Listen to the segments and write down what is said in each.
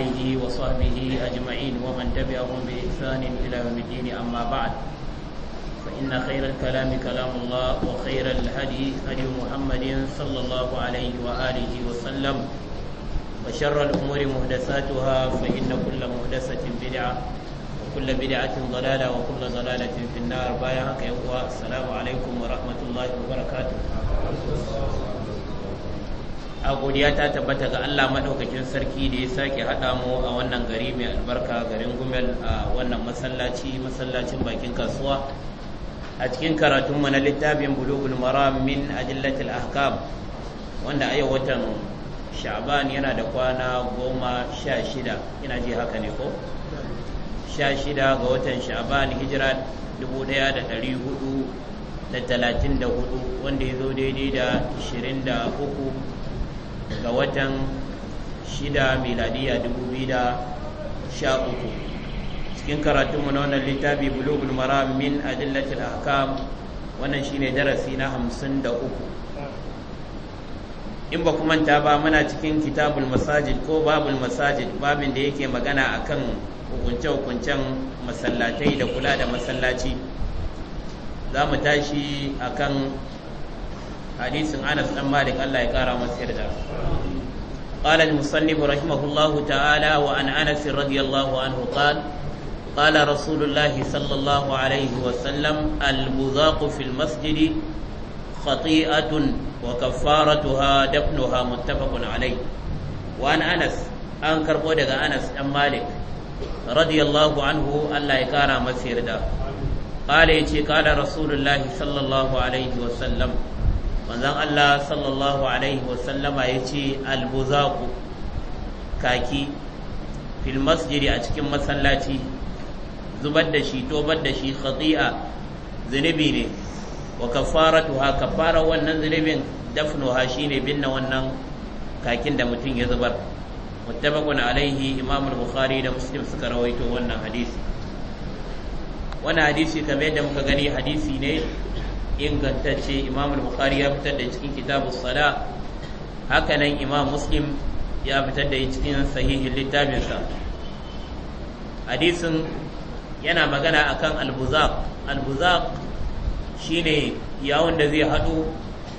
آله وصحبه أجمعين ومن تبعهم بإحسان إلى يوم الدين أما بعد فإن خير الكلام كلام الله وخير الهدي هدي محمد صلى الله عليه وآله وسلم وشر الأمور محدثاتها فإن كل محدثة بدعة وكل بدعة ضلالة وكل ضلالة في النار بايعك السلام عليكم ورحمة الله وبركاته a godiya ta tabbata ga Allah maɗaukakin sarki da ya sake haɗa mu a wannan gari mai albarka garin gumel a wannan masallaci masallacin bakin kasuwa a cikin karatunmu na littafin bulugul maram min adillatil ahkam wanda a yau watan sha'ban yana da kwana goma sha shida ina ji haka ne ko sha shida ga watan sha'ban hijira dubu ɗaya da ɗari hudu da talatin da hudu wanda ya zo daidai da ashirin da uku ga watan shida miladiya dubu biyu da sha uku cikin karatunmu na wannan littafi bulugul maram min adillatil ahkam wannan shine darasi na hamsin da uku in ba kuma ta ba muna cikin kitabul masajid ko babul masajid babin da yake magana akan hukunce-hukuncen masallatai da kula da masallaci za mu tashi akan hadisin Anas dan Malik Allah ya kara masa yarda قال المصنف رحمه الله تعالى وعن انس رضي الله عنه قال قال رسول الله صلى الله عليه وسلم البذاق في المسجد وكفارتها دفنها متفق عليه وعن انس an karbo daga Anas dan Malik radiyallahu anhu Allah ya kara masa yarda قال yace قال رسول الله صلى الله عليه وسلم manzan Allah sallallahu alaihi wasallama ya ce albuzaku kaki fil masjidi a cikin masallaci zubar da shi tobar da shi khati'a zunubi ne wa kafaratuha kafara wannan zunubin dafnuha shine binne wannan kakin da mutum ya zubar muttafaqun alaihi imam al-bukhari da muslim suka rawaito wannan hadisi wannan hadisi kamar yadda muka gani hadisi ne ingantacce imam bukhari ya fitar da cikin kitabu sala haka imam muslim ya fitar da cikin sahihin littafinsa hadisin yana magana akan kan albuzak shi shine yawon da zai hadu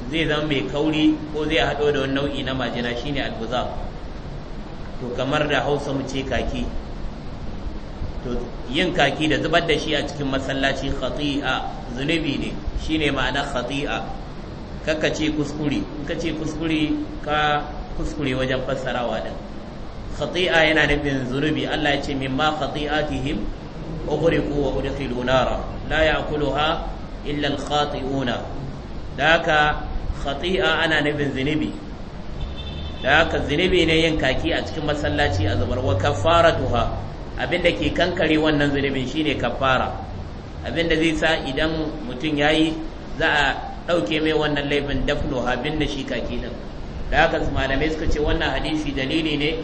zai zama mai kauri ko zai hado da wani nau'i na majina shine ne to kamar da Hausa mu ce kaki to yin kaki da zubar da shi a cikin masallaci khati'a zunubi ne shine ma'ana khati'a kakka ce kuskure in ce kuskure ka kuskure wajen fassarawa din khati'a yana nufin zunubi Allah ya ce mimma khati'atihim ughriqu wa udkhilu nara la ya'kuluha illa al-khati'una daka khati'a ana nufin zunubi da haka zunubi ne yin kaki a cikin masallaci a zubar wa kafaratuha Abin da ke kankare wannan zunubin shine kafara da zai sa idan mutum yayi za a ɗauke mai wannan laifin dafno abin da shi kaki nan. da haka malamai suka ce wannan hadisi dalili ne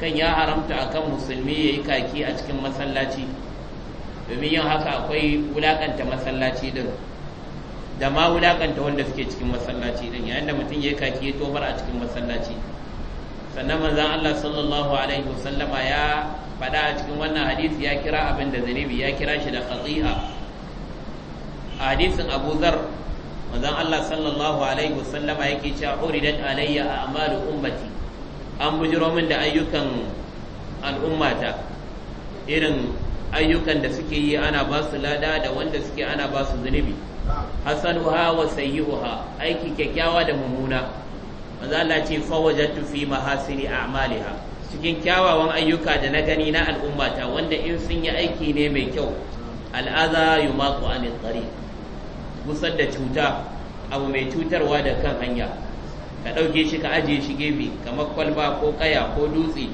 kan ya haramta akan musulmi ya yi kaki a cikin masallaci domin yin haka akwai wulakanta masallaci din da ma wulakanta wanda suke cikin masallaci din yayin da mutum ya yi kaki ya tobar a cikin masallaci sannan manzan Allah sallallahu alaihi wasallama ya faɗa a cikin wannan hadisi ya kira abin da zunubi ya kira shi da khati'a a hadisin Abu Zar manzan Allah sallallahu alaihi wasallama yake cewa uridat alayya a amalu ummati an bujiro min da ayyukan al'ummata irin ayyukan da suke yi ana ba su lada da wanda suke ana ba su zunubi hasanuha wa sayyi'uha aiki kyakkyawa da mummuna manzo Allah ce fawajatu fi mahasini a'maliha cikin kyawawan ayyuka da na gani na al'ummata wanda in sun yi aiki ne mai kyau al'aza yumaqu anil tsari. gusar da cuta abu mai cutarwa da kan hanya ka ɗauke shi ka ajiye shi gefe kamar kwalba ko kaya ko dutse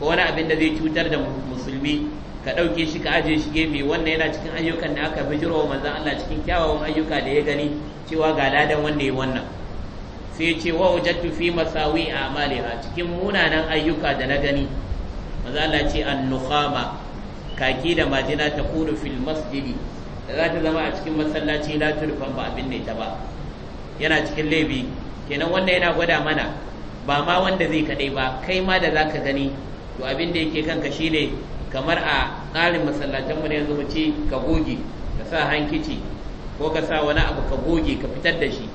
ko wani abin da zai cutar da musulmi ka ɗauke shi ka ajiye shi gefe wannan yana cikin ayyukan da aka bijiro wa manzan Allah cikin kyawawan ayyuka da ya gani cewa ga ladan wanda ya wannan sai ce wa wajattu fi masawi a'maliha cikin munanan ayyuka da na gani maza Allah ce an-nukhama kaki da majina ta kunu fil masjidi za ta zama a cikin masallaci la turfan ba abin ne ta ba yana cikin laifi kenan wanda yana gwada mana ba ma wanda zai kaɗai ba kai ma da za ka gani to abin da yake kanka shine kamar a tsarin masallatan mu ne yanzu mu ce ka goge ka sa hankici ko ka sa wani abu ka goge ka fitar da shi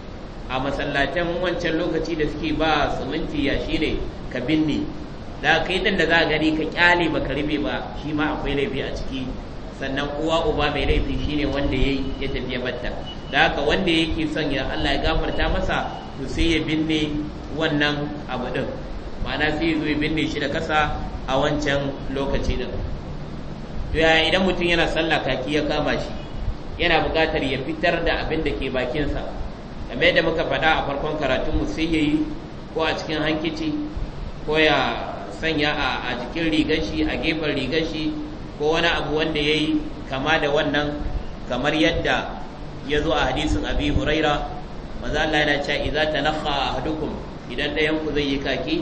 a masallacin wancan lokaci da suke ba siminti ya shi ne ka binne da kai din da za a gani ka kyale ba ka rufe ba shi ma akwai laifi a ciki sannan uwa uba mai laifi shi ne wanda ya ya tafiya ya batta da haka wanda yake son ya Allah ya gafarta masa to sai ya binne wannan abu din ma'ana sai ya zo ya binne shi da kasa a wancan lokaci din to ya idan mutum yana sallah kaki ya kama shi yana buƙatar ya fitar da abin da ke bakinsa kamar yadda muka faɗa a farkon karatun mu sai yayi ko a cikin hankici ko ya sanya a jikin rigashi a gefen rigar ko wani abu wanda yayi kama da wannan kamar yadda ya zo a hadisin abi huraira maza Allah yana cewa idza tanakha ahadukum idan ɗayan ku zai yi kaki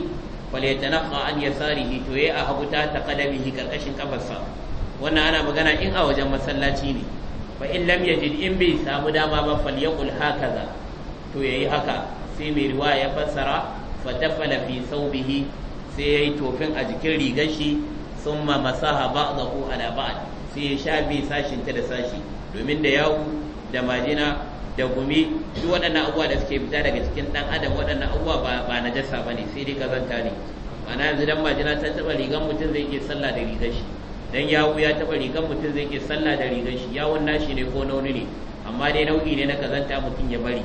yatanakha an yasarihi to yayi a habuta ta qadamihi karkashin kafarsa wannan ana magana in a wajen masallaci ne fa in lam yajid in bai samu dama ba fal yaqul hakaza to yayi haka sai mai ruwa ya fassara fa tafala fi saubihi sai yayi tofin a jikin rigar shi summa masaha ba'dahu ala ba'd sai ya shafe sashin ta da sashi domin da yawu da majina da gumi duk waɗannan abubuwa da suke fita daga cikin ɗan adam waɗannan abubuwa ba ba najasa bane sai dai kazanta ne ana yanzu dan majina ta taba rigar mutum zai iya sallah da rigar shi dan yawu ya taba rigar mutum zai iya sallah da rigar shi yawun nashi ne ko nauni ne amma dai nau'i ne na kazanta mutum ya bari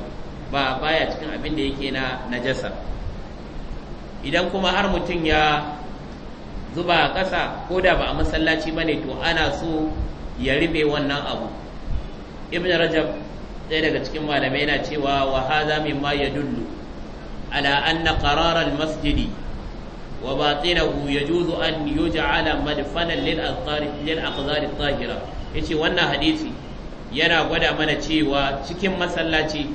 ba baya cikin abin da yake na najasa idan kuma har mutum ya zuba a ƙasa ko da ba a masallaci ba ne to ana so ya ribe wannan abu ibn rajab ɗaya daga cikin malamai yana cewa wa hadha mimma yadullu ala anna qarar al masjidi wa batinahu yajuzu an yuj'ala madfanan lil aqdar lil aqdar tahira yace wannan hadisi yana gwada mana cewa cikin masallaci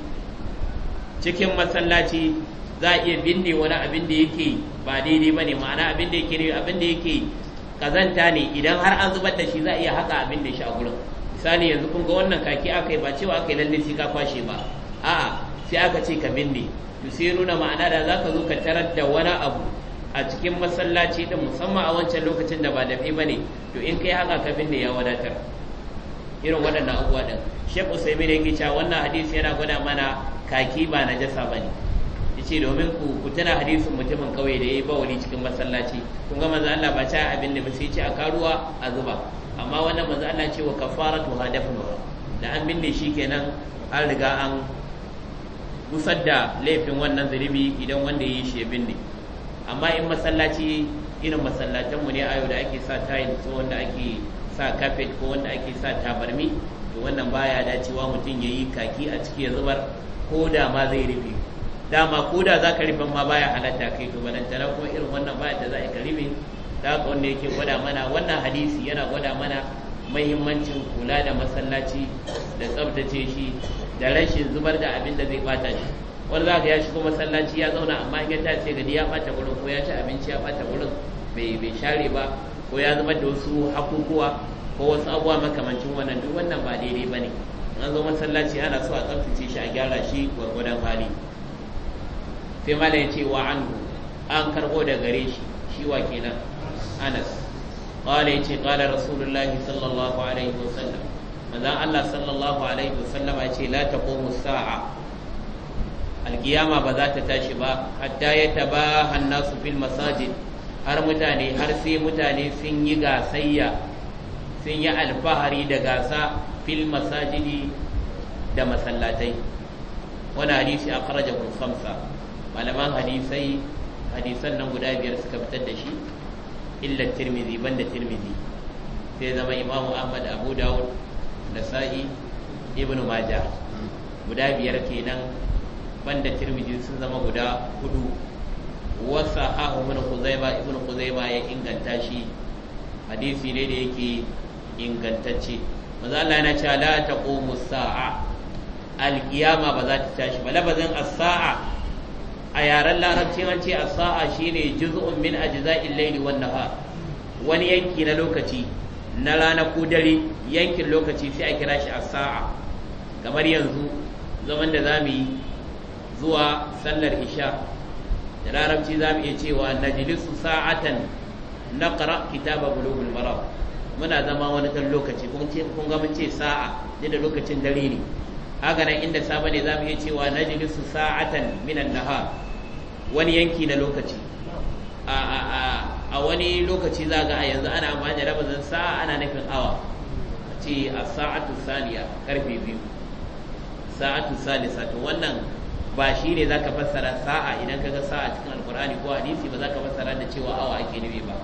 cikin masallaci za a iya binne wani abin da yake ba daidai ba ne ma'ana abin da yake abin da yake kazanta ne idan har an zubar da shi za a iya haka abin da shi a gurin misali yanzu kun ga wannan kaki aka yi ba cewa aka yi lalle sai ka kwashe ba a'a sai aka ce ka binne to sai nuna ma'ana da za ka zo ka tarar da wani abu a cikin masallaci din musamman a wancan lokacin da ba dafi ba ne to in kai haka ka binne ya wadatar irin waɗannan abubuwa ɗin shek usaimin yake cewa wannan hadisi yana gwada mana kaki ba na jasa ba ne. ya ce domin ku ku tana hadisin mutumin kauye da ya yi bawali cikin masallaci kun ga manzo Allah ba ta abin da ba sai ce a karuwa a zuba amma wannan manzo Allah ce wa kafaratu ba da an binne shi kenan an riga an gusar da laifin wannan zunubi idan wanda ya yi shi ya binne amma in masallaci irin masallatanmu ne a yau da ake sa tayin da ake sa kafet ko wanda ake sa tabarmi to wannan baya dacewa mutum ya yi kaki a ciki ya zubar ko da ma zai rufe dama ko da za ka rufe ma baya halatta kai to balantana kuma irin wannan baya da za a rufe da ka wanda yake gwada mana wannan hadisi yana gwada mana mahimmancin kula da masallaci da tsabtace shi da rashin zubar da abin da zai bata shi wani za ka ya shigo masallaci ya zauna amma in ya tace gari ya bata gurin ko ya ci abinci ya bata gurin bai share ba ko ya zama da wasu hakukuwa ko wasu abubuwa makamancin wannan duk wannan ba daidai ba ne an zo masallaci ana so a tsaftace shi a gyara shi gwargwadon hali sai mala ya ce wa anhu an karɓo da gare shi shi wa kenan anas qala yace qala rasulullahi sallallahu alaihi wasallam manzon Allah sallallahu alaihi wasallam ya ce la taqumu sa'a alkiyama ba za ta tashi ba hatta yatabaha an-nasu fil masajid har mutane har sai mutane sun yi gasayya sun yi alfahari da gasa fil masajidi da masallatai wani hadisi a karajar kusamsa malaman hadisai hadisan nan guda biyar suka fitar da shi illa tirmizi da tirmizi sai zama imamu ahmad abu dawud da sa'i ibn majah guda biyar kenan ban da tirmizi sun zama guda hudu wasa ahu min Khuzaima ibn Khuzaima ya inganta shi hadisi ne da yake ingantacce manzo Allah yana cewa la taqumu sa'a alqiyama ba za ta tashi ba labazin as-sa'a a yaren larabci an ce as-sa'a shine juz'un min ajza'il layli wan nahar wani yanki na lokaci na rana ko dare yankin lokaci sai a kira shi as-sa'a kamar yanzu zaman da zamu yi zuwa sallar isha da larabci za mu iya cewa najlisu sa'atan na naqra kitaba bulogun maram muna zama wani ɗan lokaci kun ce ga mun ce sa'a da lokacin dare ne haka nan inda safe ne za mu iya cewa najlisu sa'atan minan nahar wani yanki na lokaci a a wani lokaci za ga a yanzu ana amfani da rabazin sa'a ana nufin awa ce a sa'atu saniya karfe biyu sa'atu salisa to wannan ba shi ne za ka fassara sa'a idan ka ga sa'a cikin alkur'ani ko hadisi ba za ka fassara da cewa awa ake nufi ba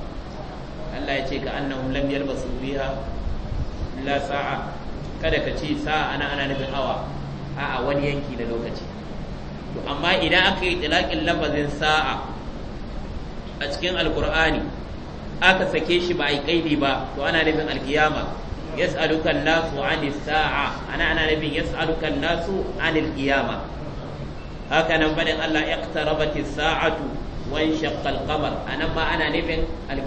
Allah ya ce ka annahum lam yalbasu biha la sa'a kada ka ce sa'a ana ana nufin awa a'a wani yanki na lokaci to amma idan aka yi tilakin lafazin sa'a a cikin alkur'ani aka sake shi ba yi kaidi ba to ana nufin alkiyama yas'aluka an-nasu 'anis sa'a ana ana nufin yas'aluka an-nasu 'anil qiyamah haka nan fadin Allah iqtarabati sa'atu wa inshaqqa al-qamar anan ma ana nufin al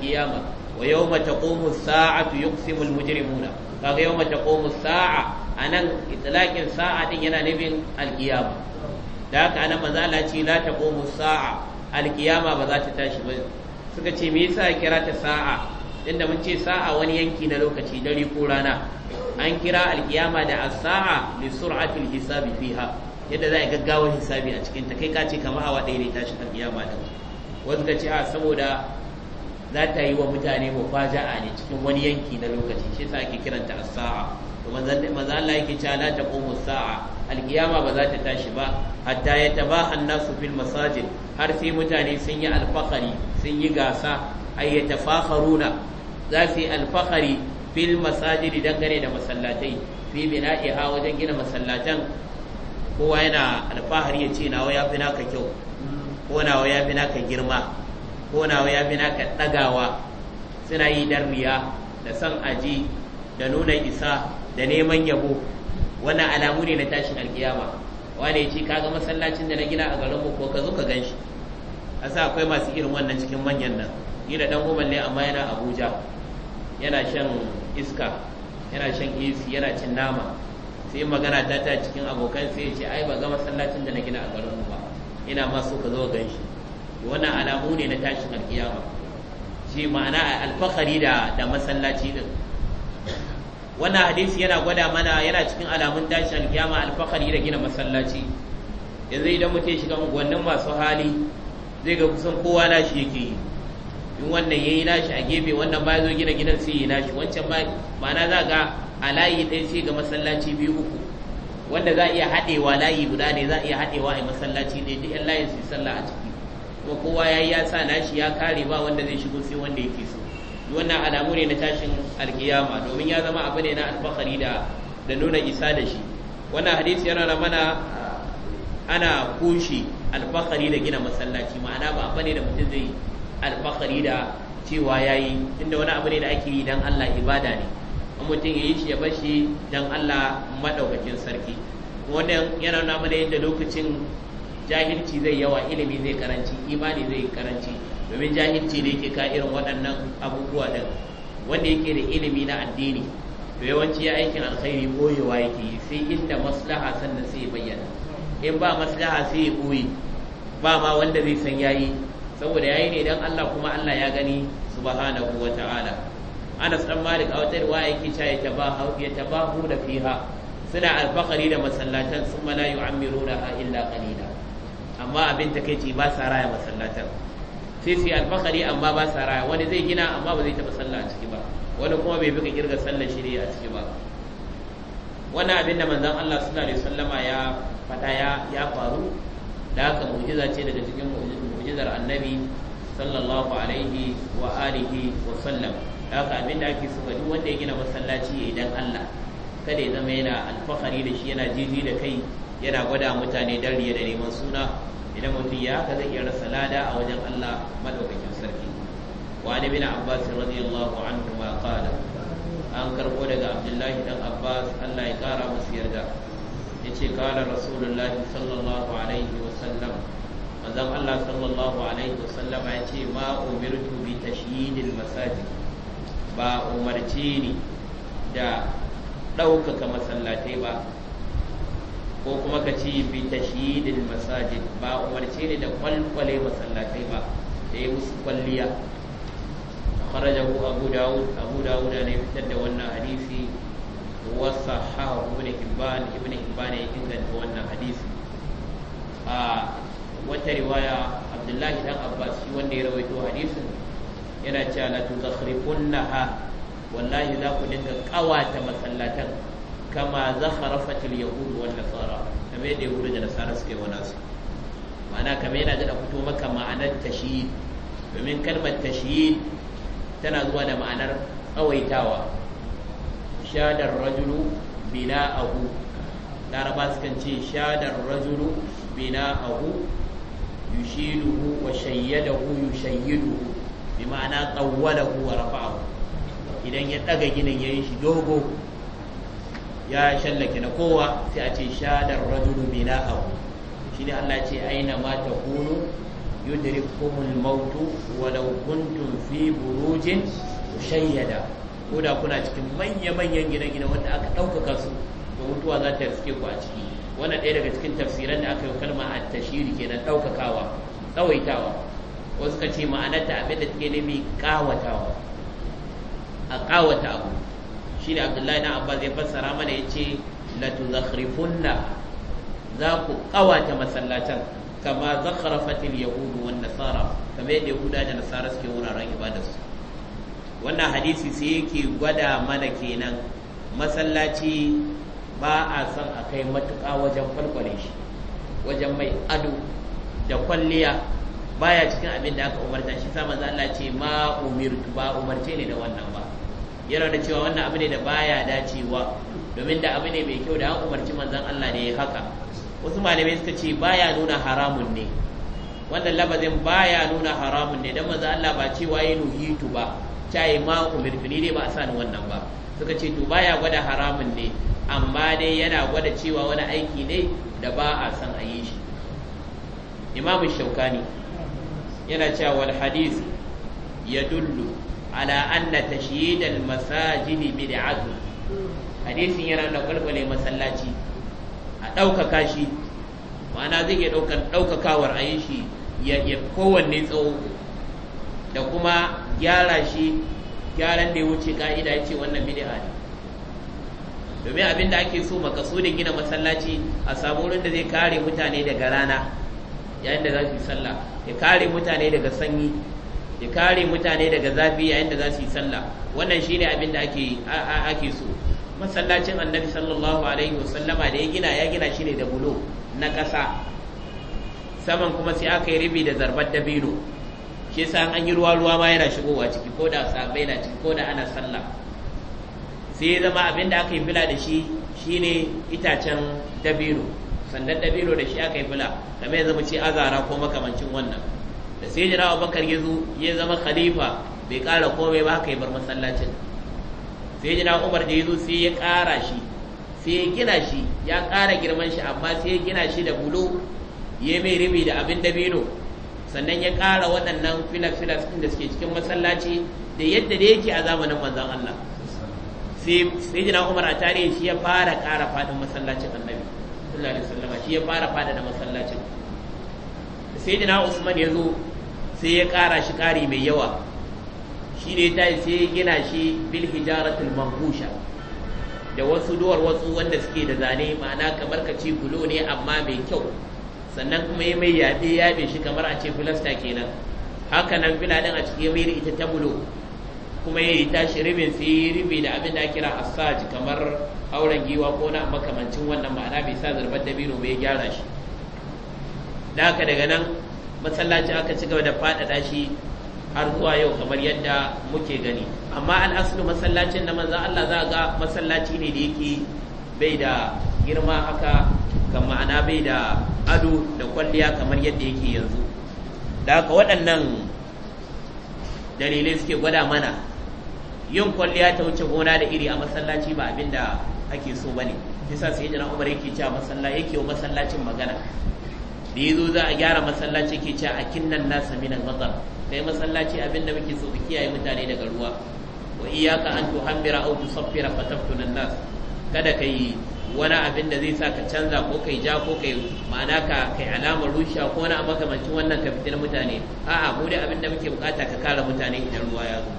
wa yawma taqumu saatu yuqsimu mujrimuna kaga yawma taqumu as-sa'a anan itlaqin sa'a din yana nufin al da haka anan manzo Allah ce la taqumu saa al ba za ta tashi ba suka ce me yasa kira ta sa'a inda mun ce sa'a wani yanki na lokaci dare ko rana an kira alkiyama da as-sa'a li sur'atil hisabi fiha yadda za a gaggawa hisabi a cikin ta kai ka ce kamar awa ɗaya ne tashi alkiyama din wasu ka ce a ah, saboda za ta yi wa mutane mufaja'a ne cikin wani yanki na lokaci shi yasa ake kiranta as-sa'a to maza Allah yake cewa la taqumu as-sa'a alkiyama ba za ta tashi ba hatta ya ba an-nasu fil masajid har sai mutane sun yi alfahari sun yi gasa ay yatafakharuna za su yi alfakari fil masajid dangane da masallatai fi bina'iha wajen gina masallatan kowa yana alfahari ya ce nawa ya fi naka kyau ko nawa ya fi naka girma ko nawa ya fi naka ɗagawa suna yi dan riya da san aji da nuna isa da neman yabo wannan alamu ne na tashin alkiyama Wani ya ce kaga masallacin da na gina a garinmu ko ka zo ka gan shi a sa akwai masu irin wannan cikin manyan nan da dan goma ne amma yana abuja yana shan iska yana shan isi yana cin nama sai magana ta ta cikin abokan sai ce ai ba ga masallacin da na gina a garin ba ina ma so ka zo gan shi wannan alamu ne na tashin alkiyama shi ma'ana alfahari da da masallaci din wannan hadisi yana gwada mana yana cikin alamun tashin alkiyama alfahari da gina masallaci yanzu idan mutum shiga unguwannin masu hali zai ga kusan kowa na shi yake yi in wannan yi nashi a gefe wannan ba ya zo gina gidan sai yayi nashi wancan ba ma'ana za ga a layi ɗaya sai ga masallaci biyu uku wanda za a iya haɗewa layi guda ne za a iya haɗewa a masallaci ne duk yan layin su sallah a ciki kuma kowa yayi ya sa nashi ya kare ba wanda zai shigo sai wanda yake so wannan alamu ne na tashin alkiyama domin ya zama abu ne na alfahari da da nuna isa da shi wannan hadisi yana na mana ana kushe alfahari da gina masallaci ma'ana ba abu ne da mutum zai alfakari da cewa ya yi inda wani abu ne da ake yi don Allah ibada ne mutum ya yi shi ya bashi don Allah maɗaukakin sarki wannan yana nuna mana yadda lokacin jahilci zai yawa ilimi zai karanci imani zai karanci domin jahilci ne ke ka irin waɗannan abubuwa ɗin wanda yake da ilimi na addini to yawanci ya aikin alkhairi boyewa yake yi sai inda maslaha sannan sai bayyana in ba maslaha sai ya koyi ba ma wanda zai san yayi saboda yayi ne dan Allah kuma Allah ya gani subhanahu wa ta'ala Anas dan Malik a wata riwaya yake cewa tabahu ya tabahu da fiha suna alfakari da masallatan sun la yu'ammiruna illa qalila amma abin takeici ba sa raya masallatan sai sai alfakari amma ba sa raya wani zai gina amma ba zai taɓa sallah a ciki ba wani kuma bai buga kirga sallah shi a ciki ba wannan abin da manzon Allah sallallahu alaihi wasallama ya fada ya faru da haka mu'jiza ce daga cikin mu'jizar annabi sallallahu alaihi wa alihi wa sallam da haka abin da ake so duk wanda ya gina masallaci ya idan Allah kada ya zama yana alfahari da shi yana jiji da kai yana gwada mutane dan riya da neman suna idan mutum ya haka zai iya rasa lada a wajen Allah madaukakin sarki wa ne bin Abbas radiyallahu anhu ma qala an karbo daga Abdullahi dan Abbas Allah ya kara siyar yarda yace qala rasulullahi sallallahu alaihi wa wasallam manzon Allah sallallahu alaihi wa wasallam yace ma umirtu bi tashyidil masajid ba umarci ni da ɗaukaka masallatai ba ko kuma ka ci bi tashyidil masajid ba umarci ne da kwalkwale masallatai ba da ya musu kwalliya kharajahu abu dawud abu dawud ne fitar da wannan hadisi wa sahahu ibn hibban ibn hibban ya inganta wannan hadisi a wata riwaya abdullahi dan abbas shi wanda ya rawaito hadisin yana cewa la tuzakhrifunnaha wallahi za ku dinga kawata masallatan kama zakharafatil yahud wan nasara kamar yadda yahudu da nasara suke wa nasu ma'ana kamar yana da fito maka ma'anar tashiyid domin kalmar tashiyid tana zuwa da ma'anar tsawaitawa shadar rajulu bina ahu laraba sukan ce shadar rajulu bina ahu yushiduhu wa shayyadahu yushayyiduhu bi ma'ana tawwalahu wa rafa'ahu idan ya daga ginin yayi shi dogo ya shallake na kowa sai a ce shadar rajulu bina ahu shine Allah ce aina ma takunu yudrikumul mautu walau kuntum fi burujin shayyada. ko da kuna cikin manya-manyan gine-gine wanda aka ɗaukaka su to mutuwa za ta riske ku a ciki wannan ɗaya daga cikin tafsiran da aka yi kalma a tashiri kenan ɗaukakawa tsawaitawa wasu ka ce ma'anar ta abin da take nemi ƙawatawa a ƙawata abu shi ne abdullahi na abba zai fassara mana ya ce latu zakhrifunna za ku ƙawata masallacin kama zakharafatil yahudu wan nasara kamar yadda yahuda da nasara suke wuraren ibadarsu wannan hadisi sai yake gwada mana kenan masallaci ba a son a kai matuƙa wajen kwalkwale shi wajen mai ado da kwalliya baya cikin abin da aka umarta shi sa manzo Allah ce ma umirtu ba umarce ne da wannan ba yana da cewa wannan abu ne da baya dacewa domin da abu ne mai kyau da an umarci manzon Allah ne haka wasu malamai suka ce baya nuna haramun ne wannan labazin baya nuna haramun ne dan manzo Allah ba cewa yi nuhitu ba caye ma umirtu ni ba a sa ni wannan ba suka ce to baya gwada haramun ne amma dai yana gwada cewa wani aiki ne da ba a san a yi shi imamu shaukani yana cewa wal hadith yadullu ala anna tashyid al masajidi bid'atu hadisin yana da kulkule masallaci a ɗaukaka shi ma'ana zai iya ɗaukakawar a yi shi ya kowanne tsawo da kuma gyara shi gyaran da ya wuce ka'ida ya ce wannan bid'a ne domin abin da ake so makasudin gina masallaci a samu wurin da zai kare mutane daga rana yayin da za su yi sallah ya kare mutane daga sanyi ya kare mutane daga zafi yayin da za su yi sallah wannan shine abin da ake ake so masallacin annabi sallallahu alaihi wasallama da ya gina ya gina shi ne da bulo na ƙasa saman kuma sai aka yi ribi da zarbar dabino shi yasa an yi ruwa ruwa ma yana shigowa ciki ko da sabai na ciki ko da ana sallah sai ya zama abin da aka yi fila da shi shine itacen dabino sandan dabino da shi aka yi fila kamar ya zama ce azara ko makamancin wannan da sai jira Bakar ya zo ya zama khalifa bai kara komai ba haka ya bar masallacin sai jira umar da ya zo sai ya kara shi sai ya gina shi ya kara girman shi amma sai ya gina shi da bulo ya mai ribi da abin dabino sannan ya ƙara waɗannan filas-filas da suke cikin masallaci da yadda da yake a zamanin manzon Allah sai jina umar a tarihi shi ya fara ƙara faɗin masallacin annabi sallallahu alaihi wasallam shi ya fara faɗa da masallacin sai jina usman ya zo sai ya ƙara shi ƙari mai yawa shi ne ta sai ya gina shi bil hijaratul manhusha da wasu duwar wasu wanda suke da zane ma'ana kamar ka ci gulo ne amma mai kyau sannan kuma ya mai yaɓe yaɓe shi kamar a ce filasta kenan haka nan fila ɗin a cikin mai ita ta bulo kuma ya yi tashi ribin su yi ribi da abin da kira asaj kamar auren giwa ko na makamancin wannan ma'ana bai sa zarbar dabino bai gyara shi da haka daga nan masallaci aka ci gaba da faɗaɗa shi har zuwa yau kamar yadda muke gani amma al'aslu masallacin na manzan Allah za ga masallaci ne da yake bai da girma haka kan ma'ana bai da ado da kwalliya kamar yadda yake yanzu da haka waɗannan dalilai suke gwada mana yin kwalliya ta wuce gona da iri a masallaci ba abin da ake so ba ne bisa sai jana umar yake cewa masallaci yake wa masallacin magana da zo za a gyara masallaci yake cewa a kinnan nasa minan al kai masallaci abin da muke so ka kiyaye mutane daga ruwa wa iyaka an tuhammira audu tusaffira fataftuna an-nas kada ka yi wani abin da zai sa ka canza ko kai ja ko kai ma'ana ka kai alamar rusha ko wani makamancin wannan ka fitina mutane a'a mu da abin da muke bukata ka kare mutane idan ruwa ya zo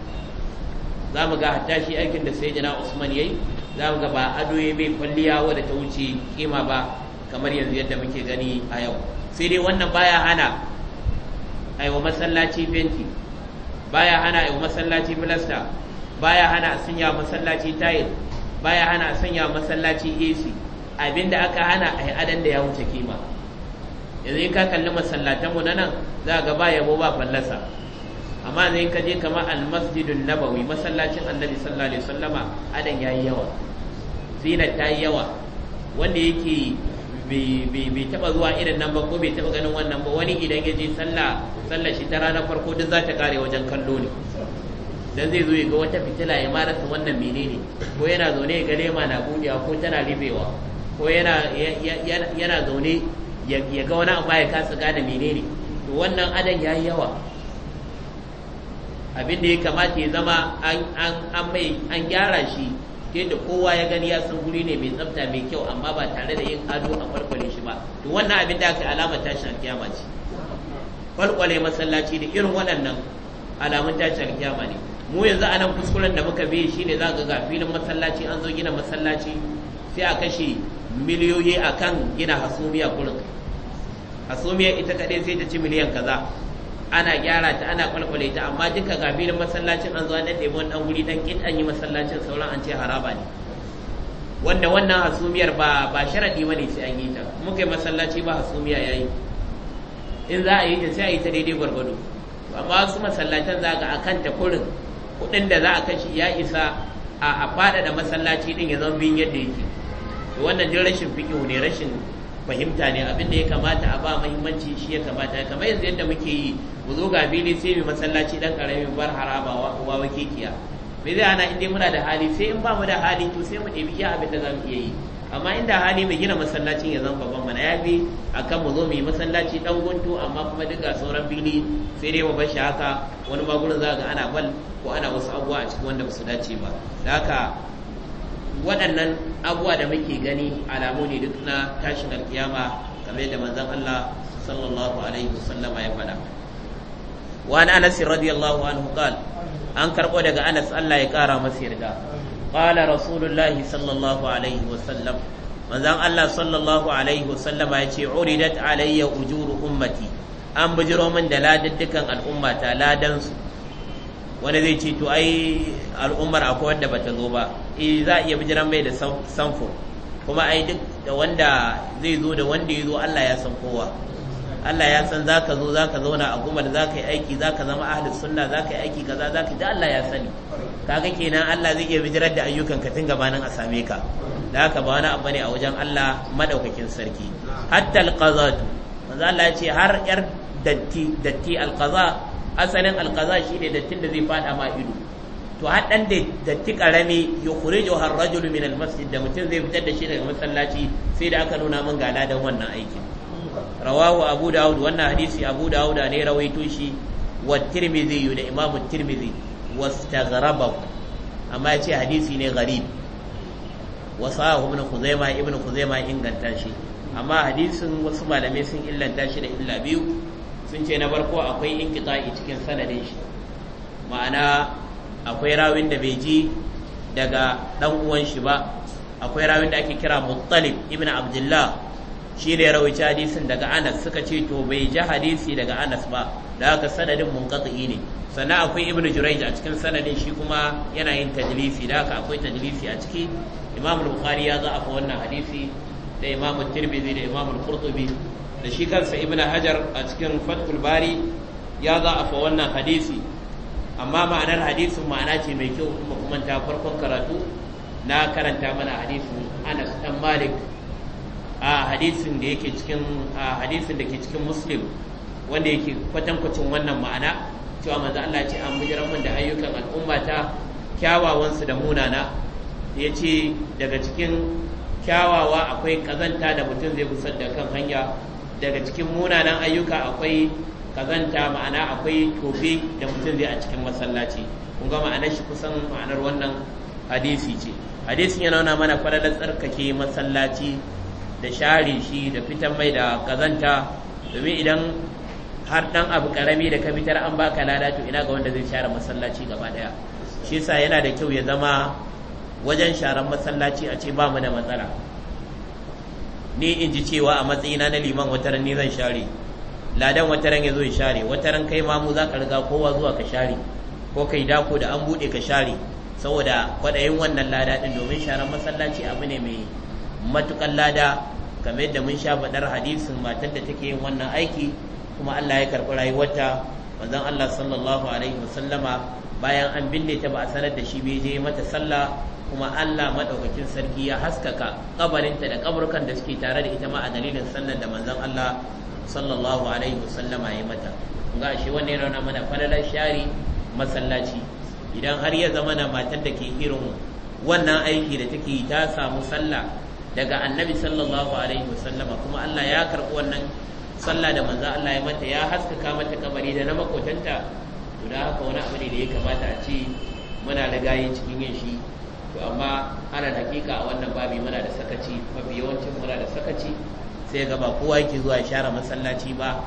za mu ga hatta shi aikin da sayyidina Usman yayi za mu ga ba ado ya mai kwalliya wadda ta wuce kima ba kamar yanzu yadda muke gani a yau sai dai wannan baya hana aiwa masallaci fenti baya hana aiwa masallaci filasta baya hana a masallaci tayil baya hana sanya masallaci AC abinda aka hana a yi adan da ya wuce kima yanzu ka kalli masallatanmu na nan za ga ba yabo ba fallasa amma zai ka je kama almasjidun nabawi masallacin annabi sallallahu alaihi wasallama adan yayi yawa zina ta yi yawa wanda yake bai taba zuwa irin nan ba ko bai taba ganin wannan ba wani idan ya je sallah sallar shi ta ranar farko duk za ta kare wajen kallo ne dan zai zo ya ga wata fitila ya marasa wannan menene ko yana zaune ya ga lema na gudiya ko tana ribewa ko yana zaune ya ga wani abu ya kasa gane menene to wannan adan ya yi yawa abin da ya kamata ya zama an gyara shi da kowa ya gani ya san guri ne mai tsafta mai kyau amma ba tare da yin ado a kwalkwale shi ba to wannan abin da aka alama tashin alkiyama ce kwalkwale masallaci da irin waɗannan alamun tashin alkiyama ne mu yanzu a nan kuskuren da muka bi shine za ga filin masallaci an zo gina masallaci sai a kashe miliyoyi a kan gina hasumiya kurin hasumiya ita kaɗai sai ta ci miliyan kaza ana gyara ta ana kwalkwale ta amma duka ga filin masallacin an zo an ɗebi wani wuri dan kin an yi masallacin sauran an ce haraba ne wanda wannan hasumiyar ba ba sharadi bane ne sai an yi ta muka yi masallaci ba hasumiya ya yi in za a yi ta sai a yi ta daidai gwargwado amma wasu masallacin za ga akan ta kurin kuɗin da za a kashi ya isa a faɗaɗa masallaci din ya zama biyun yadda yake wannan jin rashin fiki ne rashin fahimta ne abin da ya kamata a ba muhimmanci shi ya kamata kamar yanzu yadda muke yi mu zo ga bili sai mu masallaci dan karamin bar haraba wa uwa kekiya. me zai ana inda muna da hali sai in ba mu da hali to sai mu ɗebi iya abin da za mu iya yi amma inda hali mai gina masallacin ya zama babban mana ya fi akan mu zo mu yi masallaci dan guntu amma kuma duka sauran fili sai dai mu bashi haka wani magurin za ga ana bal ko ana wasu abubuwa a cikin wanda ba su dace ba da haka waɗannan abubuwa da muke gani alamu ne duk na tashin alkiyama kamar yadda manzon Allah sallallahu alaihi wasallama ya faɗa wa anas radiyallahu anhu qala an karɓo daga anas Allah ya kara masa yarda qala rasulullahi sallallahu alaihi wasallam manzon Allah sallallahu alaihi wasallama ya ce uridat alayya ujuru ummati an bujiro min da ladaddukan al’umma ta su wani zai ce to ai al'ummar akwai wanda bata zo ba eh za a iya bijiran mai da samfur kuma ai duk da wanda zai zo da wanda ya zo Allah ya san kowa Allah ya san za ka zo za ka zauna a gumal za ka yi aiki za ka zama ahalin sunna za ka yi aiki kaza za ka ji Allah ya sani kaga kenan Allah zai iya bijirar da ayyukan ka tun gabanin a same ka da haka ba wani abu ne a wajen Allah madaukakin sarki hatta alqazatu manzo Allah ya ce har yar datti datti alqaza asalin alqaza shine dattin da zai fada ma ido to har dan datti karami yukhrijuhu har rajulu min almasjid da mutum zai fitar da shi daga masallaci sai da aka nuna min gala dan wannan aikin rawahu abu daud wannan hadisi abu daud ne rawaito shi wa tirmidhi da imamu tirmidhi wastaghrabahu amma yace hadisi ne gharib wasahu ibn khuzaimah ibn khuzaimah inganta shi amma hadisin wasu malamai sun illanta shi da illa biyu sun ce na farko akwai inqita'i cikin sanadin shi ma'ana akwai rawin da bai ji daga dan uwan shi ba akwai rawin da ake kira muttalib ibn abdullah shi ne rawaita hadisin daga Anas suka ce to bai ji hadisi daga Anas ba da haka sanadin munqati ne sannan akwai Ibn Jurayj a cikin sanadin shi kuma yana yin tajlifi da haka akwai tajlifi a ciki Imam Bukhari ya za'afa wannan hadisi da Imam Tirmidhi da Imam Qurtubi da shi kansa Ibn Hajar a cikin Fathul Bari ya fa wannan hadisi amma ma'anar hadisin ma'ana ce mai kyau kuma kuma ta farkon karatu na karanta mana hadisin Anas dan Malik a hadisin da yake cikin a hadisin da ke cikin muslim wanda yake kwatankwacin wannan ma'ana cewa manzo Allah ce an bujira mun da ayyukan al'umma ta kyawawansu da munana ya ce daga cikin kyawawa akwai kazanta da mutum zai gusar da kan hanya daga cikin munanan ayyuka akwai kazanta ma'ana akwai tofe da mutum zai a cikin masallaci kun ga ma'anar shi kusan ma'anar wannan hadisi ce hadisin yana nuna mana falalar tsarkake masallaci da share shi da fitan mai da kazanta domin idan har dan abu karami da ka fitar an baka lada to ina ga wanda zai share masallaci gaba daya shi yasa yana da kyau ya zama wajen sharan masallaci a ce ba mu da matsala ni in ji cewa a matsayina na liman wataran ni zan share ladan wataran ya zo ya share wataran kai ma mu za ka riga kowa zuwa ka share ko kai dako da an buɗe ka share saboda kwaɗayin wannan lada ɗin domin sharan masallaci abu ne mai matukan lada kamar yadda mun sha faɗar hadisin matar da take yin wannan aiki kuma Allah ya karɓi rayuwarta manzon Allah sallallahu alaihi wasallama bayan an binne ta ba a sanar da shi bai je mata sallah kuma Allah madaukakin sarki ya haskaka kabarinta da kaburkan da suke tare da ita ma a dalilin sallar da manzon Allah sallallahu alaihi wasallama ya mata ga shi wannan yana mana falalar shari masallaci idan har ya zama na matar da ke irin wannan aiki da take ta samu sallah daga annabi sallallahu alaihi wasallama kuma Allah ya karɓi wannan sallah da manzo Allah ya mata ya haskaka mata kabari da na makotanta to da haka wani abu ne da ya kamata a ce muna da gayi cikin yin shi to amma ana hakika a wannan babi muna da sakaci mafi yawancin muna da sakaci sai ga ba kowa yake zuwa ya share masallaci ba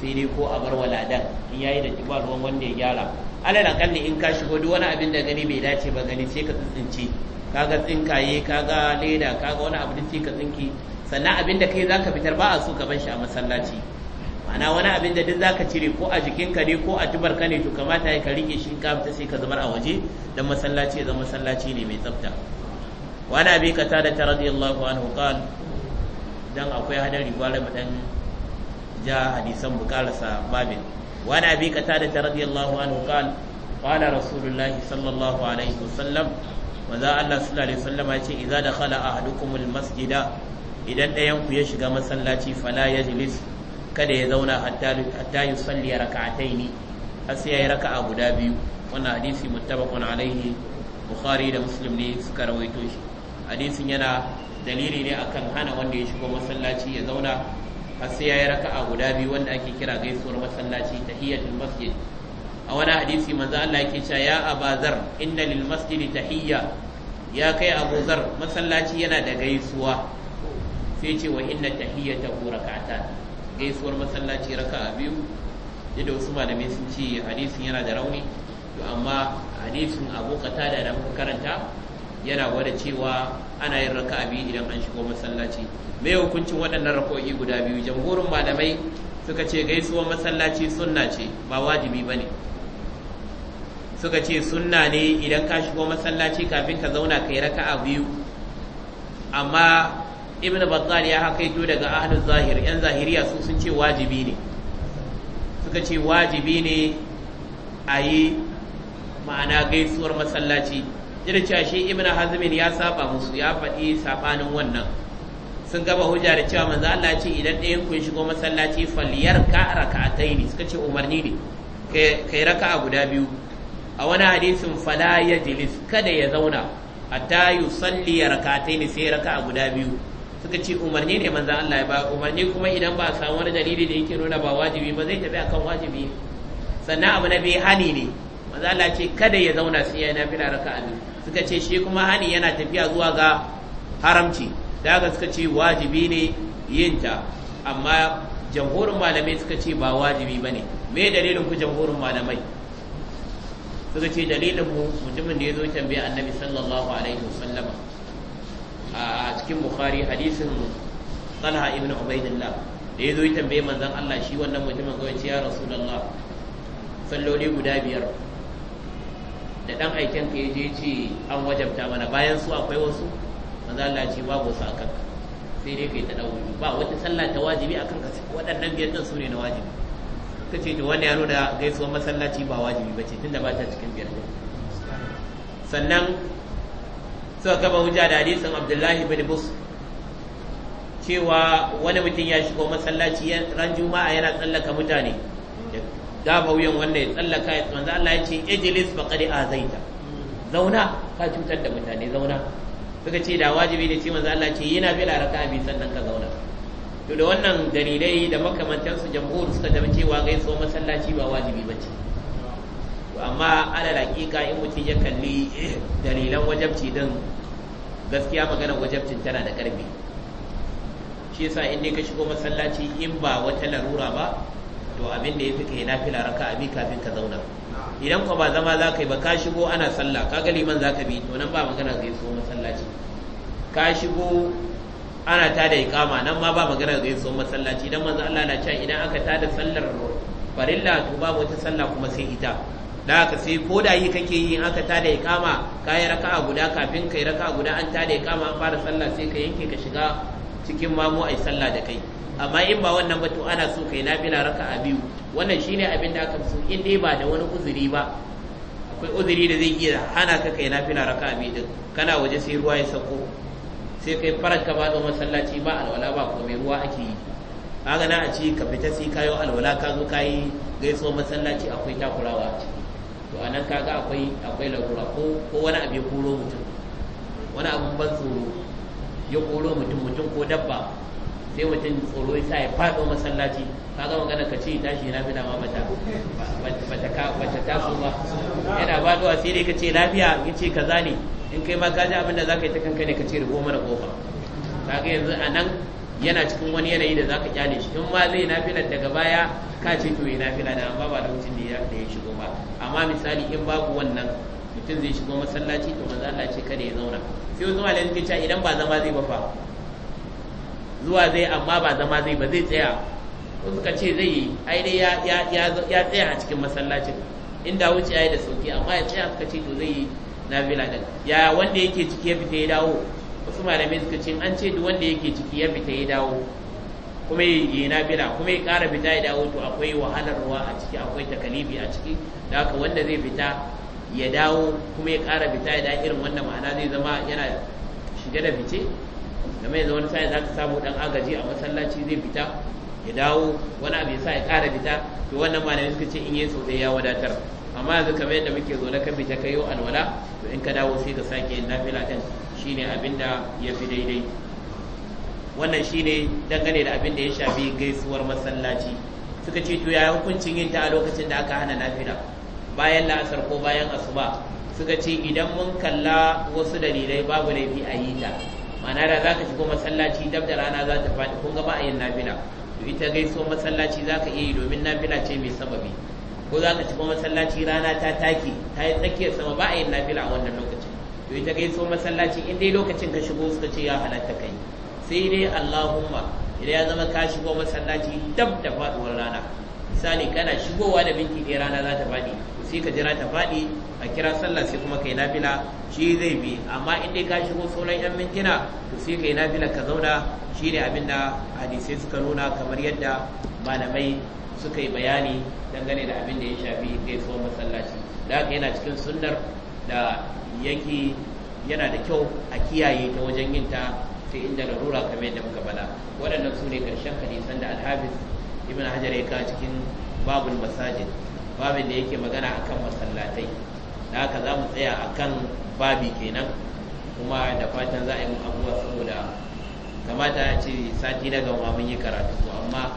sai dai ko a bar waladan in yayi da ba ruwan wanda ya gyara alal akalli in ka shigo duk wani abin da gani bai dace ba gani sai ka tsintsince kaga tsinkaye kaga leda kaga wani abu dinki ka tsinki sannan abin da kai zaka fitar ba a so ka bar shi a masallaci ma'ana wani abin da duk zaka cire ko a jikinka ne ko a tubar ka ne to kamata ya ka rike shi ka fita sai ka zubar a waje dan masallaci zama masallaci ne mai tsafta wani abin ka ta da radiyallahu anhu qal dan akwai hadari gwara mu dan ja hadisan bukarasa babin wani abin ka ta da radiyallahu anhu qal الله rasulullahi sallallahu عليه وسلم manzo Allah sallallahu alaihi wasallam ya ce idza dakhala ahadukumul masjida idan ɗayan ku ya shiga masallaci fala yajlis kada ya zauna hatta hatta yusalli rak'ataini har sai yayi raka'a guda biyu wannan hadisi muttafaqun alaihi bukhari da muslim ne suka rawaito shi hadisin yana dalili ne akan hana wanda ya shigo masallaci ya zauna har sai yayi raka'a guda biyu wanda ake kira gaisuwar masallaci tahiyatul masjid a wani hadisi manzo Allah yake cewa ya abazar inna lil masjid tahiyya ya kai abuzar masallaci yana da gaisuwa sai ce wa inna tahiyyata rak'ata gaisuwar masallaci raka'a biyu da wasu malamai sun ce hadisin yana da rauni to amma hadisin Abu Qatada da muka karanta yana gwada cewa ana yin raka'a biyu idan an shigo masallaci me hukuncin waɗannan rak'o'i guda biyu jamhurin malamai suka ce gaisuwar masallaci sunna ce ba wajibi bane suka ce sunna ne idan ka shigo masallaci kafin ka zauna kai raka'a biyu amma ibn battal ya hakaito daga ahlul zahir yan zahiriya su sun ce wajibi ne suka ce wajibi ne a ma'ana gaisuwar masallaci irin cewa shi ibn hazmin ya saba musu ya faɗi sabanin wannan sun gaba hujja da cewa manzo Allah ce idan ɗayan kun shigo masallaci falyar ka raka'ataini suka ce umarni ne kai raka'a guda biyu a wani hadisin fala ya jilis kada ya zauna A ta ya rakata rak'atayn sai a guda biyu suka ce umarni ne manzo Allah ya ba umarni kuma idan ba a samu wani dalili da yake nuna ba wajibi ba zai tafi akan wajibi sannan abu na biyu hani ne manzo Allah ce kada ya zauna sai ya nafila a biyu suka ce shi kuma hani yana tafiya zuwa ga haramci daga suka ce wajibi ne yin ta amma jamhurin malamai suka ce ba wajibi ba ne. me dalilin ku jamhurin malamai suka ce dalilin mu mutumin da ya zo tambaya annabi sallallahu alaihi wasallama a cikin bukhari hadisin talha ibn ubaidillah da ya zo ya tambaye manzon Allah shi wannan mutumin ga ce ya rasulullah salloli guda biyar da dan aikin ka yaje ce an wajabta mana bayan su akwai wasu manzon Allah ce babu su akan sai dai kai ta dawo ba wata sallah ta wajibi akan ka waɗannan biyar din su ne na wajibi Ka ce wani wannan ya nuna gaisuwar masallaci ba wajibi ba ce tunda ba ta cikin biyar sannan suka kafa hujja da hadisin abdullahi bin bus cewa wani mutum ya shigo masallaci ran juma'a yana tsallaka mutane da gaba wuyan wannan ya tsallaka ya manzo Allah ya ce ijlis faqad azaita zauna ka cutar da mutane zauna suka ce da wajibi ne ce manzo Allah ce yana bila raka'a bi sannan ka zauna to da wannan dalilai da makamantansu jamhur suka zama cewa gaiso masallaci ba wajibi ba ce amma ala in mutum ya kalli dalilan wajabci din gaskiya magana wajabcin tana da karfi shi yasa in dai ka shigo masallaci in ba wata larura ba to abin da ya fi kai nafila raka abi kafin ka zauna idan ko ba zama za ka ba ka shigo ana sallah ka ga liman za ka bi to nan ba magana zai masallaci ka shigo ana ta da ikama nan ma ba magana ga yin masallaci dan manzo Allah na cewa idan aka ta da sallar farilla to babu wata sallah kuma sai ita da aka sai ko da yi kake yi aka ta da ikama ka yi raka'a guda kafin kai raka'a guda an ta da ikama an fara sallah sai ka yanke ka shiga cikin mamu ai sallah da kai amma in ba wannan ba ana so kai nafila raka'a biyu wannan shine abin da aka fi so in dai ba da wani uzuri ba akwai uzuri da zai iya hana ka kai nafila raka'a biyu din kana waje sai ruwa ya sauko. sai kai farar ka bada masallaci ba alwala ba mai ruwa ake yi kaga na a ci ka fita sai kayo alwala ka zo kayi gaiso masallaci akwai takurawa a to anan kaga akwai akwai lagura ko ko wani abu ya koro mutum wani abun ban tsoro ya koro mutum mutum ko dabba sai mutum tsoro ya sa ya faɗo masallaci ka ga magana ka ce tashi na fi ma bata bata taso ba yana sai dai ka ce lafiya ya ce kaza ne in kai ma ka ji abin da za ka yi ta kanka ka ce rigo mana kofa ka ga yanzu a nan yana cikin wani yanayi da za ka kyale shi in ma zai nafila daga baya ka ce to yi nafila da amma ba da lokacin da ya ya shigo ba amma misali in babu wannan mutum zai shigo masallaci to maza Allah ce kada ya zauna sai wasu malamai suke cewa idan ba zama zai ba fa zuwa zai amma ba zama zai ba zai tsaya ko suka ce zai yi ai ya tsaya a cikin masallacin inda wuce ya yi da sauki amma ya tsaya suka ce to zai yi na din ya wanda yake ciki ya fita ya dawo wasu malamai suka ce an ce duk wanda yake ciki ya fita ya dawo kuma ya yi na kuma ya ƙara fita ya dawo to akwai wahalar ruwa a ciki akwai takalifi a ciki da haka wanda zai fita ya dawo kuma ya kara fita ya da irin wannan ma'ana zai zama yana shiga da fice game da wani sa'in ka samu dan agaji a masallaci zai fita ya dawo wani abu ya sa ya kara fita to wannan malamin suka ce in yi sau ya wadatar amma yanzu kamar yadda muke zo na kan fita kai yau alwala to in ka dawo sai ka sake yin nafila din shine abin da ya fi daidai wannan shine dangane da abin da ya shafi gaisuwar masallaci suka ce to ya hukuncin yin ta a lokacin da aka hana nafila bayan la'asar ko bayan asuba suka ce idan mun kalla wasu dalilai babu laifi a yi ta ma'ana da ka shigo masallaci dab da rana za ta faɗi kun gaba ba a yin nafila to ita gaiso masallaci zaka iya yi domin nafila ce mai sababi ko za ka shigo masallaci rana ta take ta yi tsakiyar sama ba a yin nafila a wannan lokacin to ita gaiso masallaci in dai lokacin ka shigo suka ce ya halatta kai sai dai Allahumma idan ya zama ka shigo masallaci dab da faɗuwar rana misali kana shigowa da minti ɗaya rana za ta faɗi sai ka jira ta faɗi Ka kira sallah sai kuma kai nafila shi zai bi amma in dai ka shigo sauran yan mintuna to sai kai nafila ka zauna shine abinda hadisai suka nuna kamar yadda malamai suka yi bayani dangane da abin da ya shafi tsohon masallaci da haka yana cikin sunnar da yake yana da kyau a kiyaye ta wajen yin ta sai inda larura kamar yadda muka bala waɗannan su ne ƙarshen hadisan da alhafiz ibn hajar ya kawo cikin babul masajid babin da yake magana akan masallatai da haka za mu tsaya a kan babi kenan kuma da fatan za a yi mun abubuwa saboda kamata ya ce sati na gama mun yi karatu amma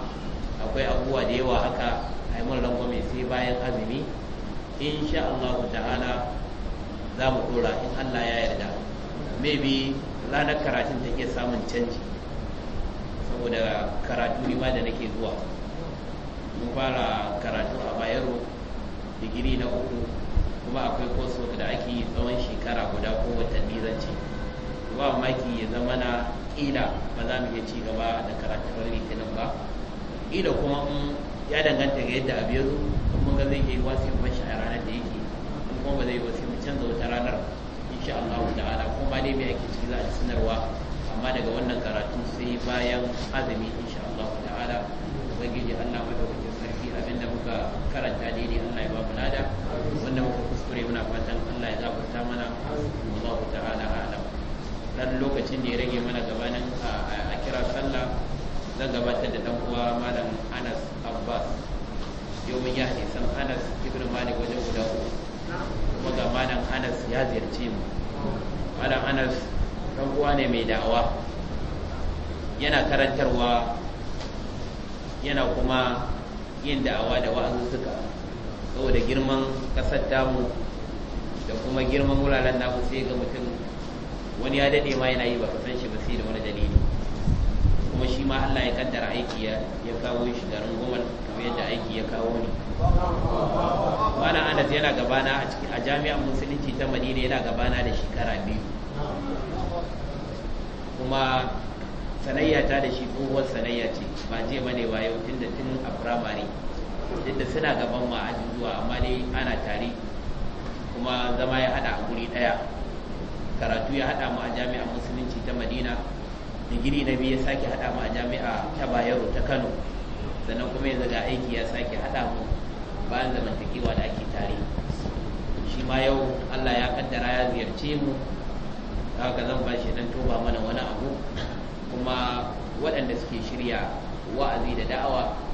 akwai abubuwa da yawa haka haimar yi sai bayan azumi insha Allah ta'ala za mu dora in Allah ya yarda maybe ranar karatun take samun canji saboda karatu ne ma da nake zuwa mun fara karatu a bayero digiri na uku kuma akwai coursework da ake yi tsawon shekara guda ko watanni zance ba maki ya zama na ƙila ba za mu iya ci gaba da karatun litinin ba ƙila kuma in ya danganta ga yadda abu ya zo in mun ga zai iya yi wasu mashi a ranar da yake in kuma ba zai yi wasu mu canza wata ranar insha Allah ta'ala kuma dai mai ake ciki za a sanarwa amma daga wannan karatu sai bayan azumi insha Allah ta'ala ubangiji Allah madaukakin sarki abinda muka karanta daidai Allah ya ba mu lada wanda muka kuskure muna fatan Allah ya zabuta mana Allah ta'ala alam dan lokacin da ya rage mana gabanin a kira sallah zan gabatar da dan uwa malam Anas Abbas yau mun ya san Anas ibn Malik wajen guda uku kuma ga malam Anas ya ziyarce mu malam Anas dan uwa ne mai da'awa yana karantarwa yana kuma yin da'awa da suka saboda girman kasar tamu da kuma girman wuraren namu sai ga mutum wani ya dade ma yana yi ba san shi ba sai da wani dalili kuma shi ma Allah ya kaddara aiki ya kawo shi da gomar kamar yadda aiki ya kawo ni Malam Anas yana gabana a cikin jami'an musulunci ta Madina yana gabana da shekara biyu kuma sanayya ta da shi tsohuwar sanayya ce ba je bane ba yau tun da tun a firamare duk da suna gaban ma zuwa amma dai ana tare kuma zama ya hada a guri daya karatu ya hada mu a jami'ar musulunci ta madina digiri na biyu ya sake hada mu a jami'a ta bayero ta kano sannan kuma yanzu ga aiki ya sake hada mu bayan zamantakewa da ake tare shi ma yau allah ya kaddara ya ziyarce mu haka zan ba shi dan toba mana wani abu kuma waɗanda suke shirya wa'azi da da'awa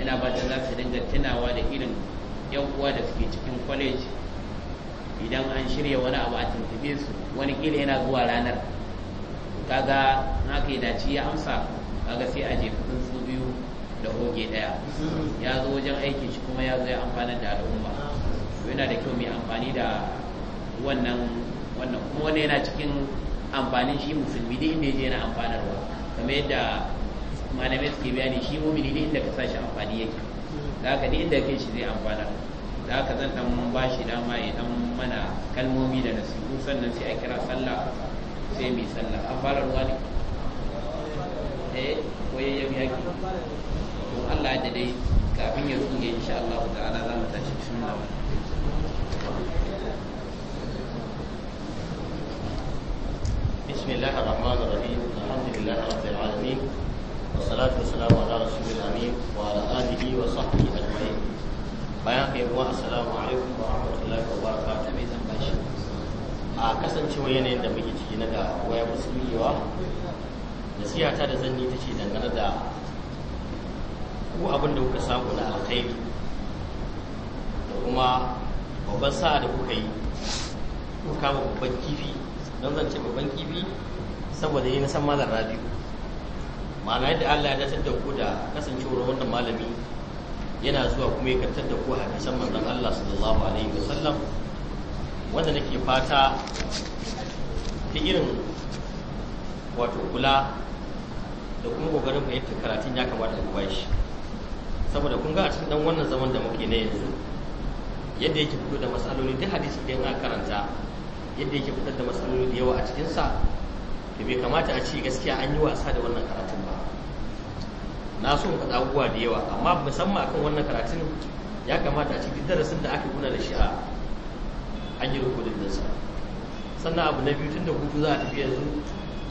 yana ba da za su dinga tunawa da irin yan uwa da suke cikin kwaleji idan an shirya wani abu a tuntube su wani kila yana zuwa ranar kaga haka yi dace ya amsa kaga sai a jefin su biyu da hoge daya ya zo wajen aiki shi kuma ya zo ya amfana da al'umma yana da kyau mai amfani da wannan wannan kuma wani yana cikin amfanin shi musulmi duk inda ya je yana amfanarwa kamar yadda malamai suke bayani shi mumini ne inda ka sa shi amfani yake za ka ne inda kai shi zai amfana da ka zan dan ba shi dama ya dan mana kalmomi da nasihu sannan sai a kira sallah sai mai sallah an fara ruwa ne eh ko yi yaki to Allah da dai kafin ya tsuge insha Allah ta'ala za mu tashi bismillah بسم الله الرحمن الرحيم الحمد لله رب العالمين والصلاة والسلام على رسول الأمين وعلى آله وصحبه أجمعين bayan haka yawa assalamu alaikum wa rahmatullahi wa barakatuh mai zan bashi a kasancewa yanayin da muke ciki na ga waya musulmiwa nasiha ta da zanni ta ce dangane da ku abin da kuka samu na alkhairi da kuma babban sa'a da kuka yi kuka kama babban kifi don zance babban kifi saboda yi na san malar rabiu ma'ana yadda Allah ya datar da ku da kasancewar wannan malami yana zuwa kuma ya kantar da ku a hadisan manzon Allah sallallahu alaihi sallam. wanda nake fata ta irin wato kula da kuma kokarin fahimtar karatun ya kamata ku bashi saboda kun ga a cikin dan wannan zaman da muke na yanzu yadda yake fito da matsaloli duk hadisi da yana karanta yadda yake fitar da matsaloli da yawa a cikinsa to bai kamata a ce gaskiya an yi wasa da wannan karatun na so da abubuwa da yawa amma musamman akan wannan karatun ya kamata a cikin darasin da aka kuna da shi a an yi rikodin sannan abu na biyu tun da hutu za a tafi yanzu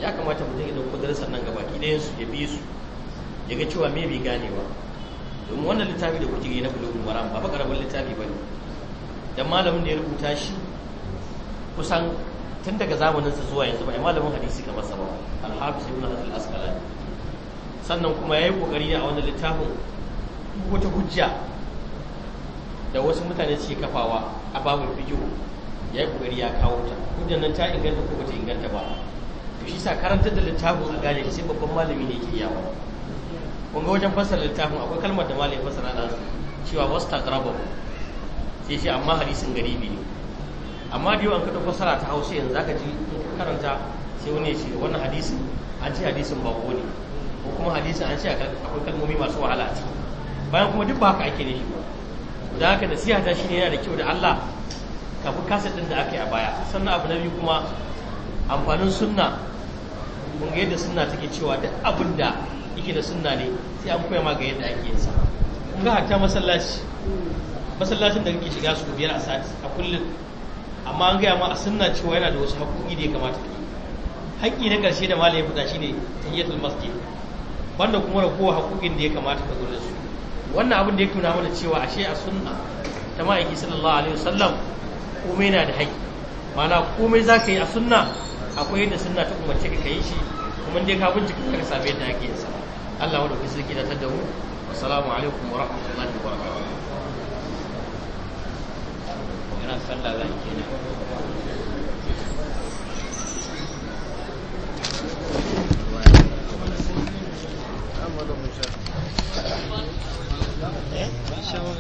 ya kamata mutum idan ku darasin nan gaba ki su ya bi su ya ga cewa me bai ganewa domin wannan littafi da kuke yi na bulugun maram ba karamin littafi ba ne dan malamin da ya rubuta shi kusan tun daga zamanin su zuwa yanzu ba malamin hadisi kamar sa ba al-hafiz ibn al-asqalani sannan kuma ya yi kokari ne a wani littafin wata hujja da wasu mutane suke kafawa a babu fikihu ya yi kokari ya kawo ta hujjan nan ta inganta ko bata inganta ba to shi sa karanta da littafin a gane shi sai babban malami ne ke yawa kun ga wajen fassara littafin akwai kalmar da malami fassara da cewa wasu takaraba sai shi amma hadisin garibi ne amma da yawan kada fassara ta hausa yanzu zaka ji in karanta sai wani ya ce wannan hadisin an ce hadisin bako ne ko kuma hadisi an ce akwai kalmomi masu wahala ce bayan kuma duk ba haka ake nufi ba da haka siya ta shine yana da kyau da Allah ka bi kasa din da aka yi a baya sannan abu na biyu kuma amfanin sunna mun ga yadda sunna take cewa duk abin da yake da sunna ne sai an koya ma ga yadda ake yin sa kun ga hatta masallaci masallacin da kake shiga su biyar a sati a kullum amma an gaya ma a sunna cewa yana da wasu haƙoƙi da ya kamata ka yi haƙƙi na ƙarshe da malai ya fita shine tahiyatul masjid banda kuma da kowa hakukin da ya kamata ka gudun da su wannan abin da ya tuna mana cewa ashe a sunna ta ma'aiki sallallahu alaihi wasallam komai na da haƙƙi mana komai za ka yi a sunna akwai yadda sunna ta umarce ka yi shi kuma dai ka bincika ka same yadda ake yin sa Allah wa dauki sarki da ta dawo assalamu alaikum wa rahmatullahi wa barakatuh ina sallah zan kenan Muhammadu Musa. Eh?